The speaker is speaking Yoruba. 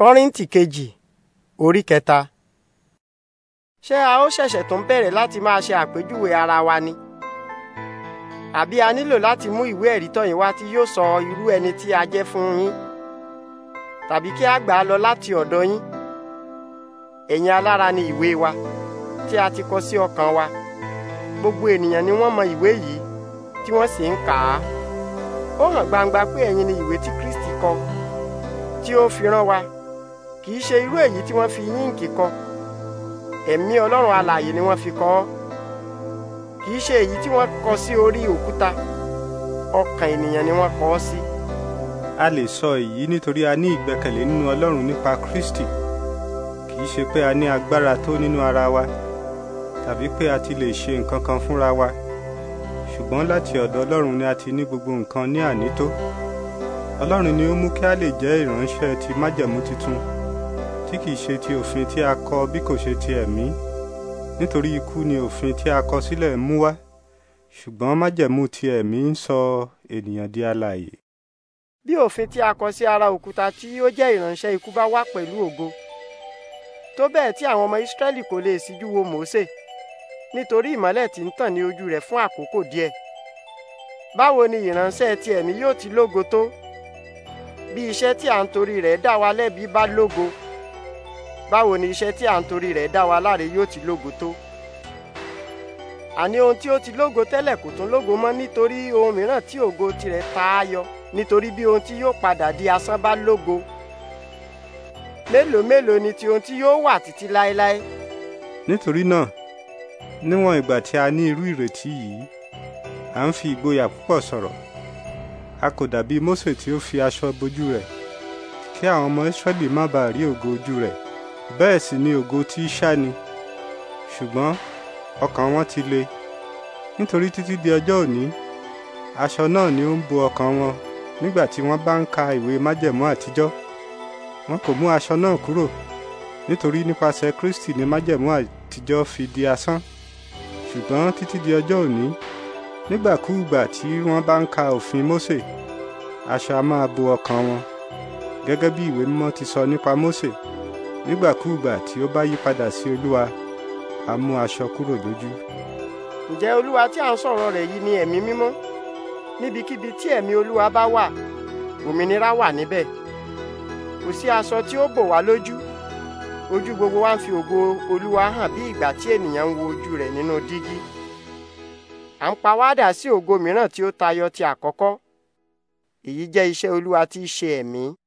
kọ́ríntì kejì orí kẹta. ṣé a ó ṣẹ̀ṣẹ̀ tó ń bẹ̀rẹ̀ láti máa ṣe àpèjúwe ara wa ni? àbí a nílò láti mú ìwé ẹ̀rí tọ̀yìn wá tí yóò sọ irú ẹni tí a jẹ́ fún yín? tàbí kí a gbà á lọ láti ọ̀dọ̀ yín? ẹ̀yin alára ni ìwé wa tí a ti kọ sí ọkàn wa gbogbo ènìyàn ni wọ́n mọ ìwé yìí tí wọ́n sì ń kà á ó hàn gbangba pé ẹ̀yin ni ìwé tí Kristi kọ tí ó fi rán wa kì í ṣe irú èyí tí wọ́n fi yíǹkì kọ ẹ̀mí ọlọ́run alààyè ni wọ́n fi kọ ọ́ kì í ṣe èyí tí wọ́n kọ sí orí òkúta ọkàn ènìyàn ni wọ́n kọ sí. a lè sọ èyí nítorí a ní ìgbẹ́kẹ̀lé nínú ọlọ́run nípa kristi kì í ṣe pé a ní agbára tó nínú ara wa tàbí pé a ti lè ṣe nǹkan kan fúnra wa ṣùgbọ́n láti ọ̀dọ̀ ọlọ́run ni a ti ní gbogbo nǹkan ní ànító ọlọ́run ni ó mú kí a lè jẹ́ ìránṣẹ́ ti májẹ̀mú tuntun tí kìí ṣe ti òfin tí a kọ bí kò ṣe ti ẹ̀mí nítorí ikú ni òfin tí a kọ sílẹ̀ ń mú wá ṣùgbọ́n májẹ̀mú ti ẹ̀mí ń sọ ènìyàn di alààyè. bí òfin tí a kọ sí ara òkúta tí ó jẹ́ ìránṣẹ́ ikú bá wá pẹ̀lú ògo tó bẹ́ẹ̀ tí àwọn ọmọ Ísírẹ́lì kò lè síjú wo Mósè nítorí ìmọ́lẹ̀ tí ń tàn ní ojú rẹ̀ fún àkókò díẹ̀ báwo ni ìránṣẹ́ ti ẹ̀mí yóò ti lógo tó bí iṣẹ́ tí à ń torí rẹ̀ dá wa lẹ́bi bá lógo báwo ni iṣẹ́ tí à ń torí rẹ̀ dá wa láre yóò ti lógo tó àní ohun tí ó ti lógo tẹ́lẹ̀ kò tún lógo mọ́ nítorí ohun mìíràn tí ògo tirẹ̀ ta á yọ nítorí bí ohun tí yóò padà di asán bá lógo mélòó mélòó ni ti ohun tí yóò wà títí láéláé. nítorí náà níwọ̀n ìgbà tí a ní irú ìrètí yìí à ń fi ìgboyà púpọ̀ sọ̀rọ̀ a kò dàbí Mósè tí ó fi aṣọ bojú rẹ̀ kí àwọn ọmọ Ísírẹ́lì má bàa rí ògo ojú rẹ̀ bẹ́ẹ̀ sì ni ògo tí ṣá ni ṣùgbọ́n ọkàn wọn ti le nítorí títí di ọjọ́ òní aṣọ náà ni ó ń bo ọkàn wọn nígbà tí wọ́n bá ń ka ìwé májẹ̀mú àtijọ́ wọn kò mú aṣọ náà kúrò nítorí nípasẹ̀ Kristi ni májẹ̀mú àtijọ́ fi di asán ṣùgbọ́n títí di ọjọ́ òní nígbàkúùgbà tí wọ́n bá ń ka òfin Mósè aṣọ a máa bo ọkàn wọn gẹ́gẹ́ bí ìwé mímọ́ ti sọ nípa Mósè nígbàkúùgbà tí ó bá yí padà sí olúwa a mú aṣọ kúrò lójú. ǹjẹ́ olúwa tí à ń sọ̀rọ̀ rẹ̀ yìí ni ẹ̀mí mímọ́ níbikíbi tí ẹ̀mí olúwa bá wà òmìnira wà níbẹ̀ kò sí aṣọ tí ó bò wá lójú ojú gbogbo wa ń fi ògo olúwa hàn bí ìgbà tí ènìyàn ń wo ojú rẹ̀ nínú dígí à ń pa wádà sí ògo mìíràn tí ó tayọ ti àkọ́kọ́ èyí jẹ́ iṣẹ́ olúwa tí í ṣe ẹ̀mí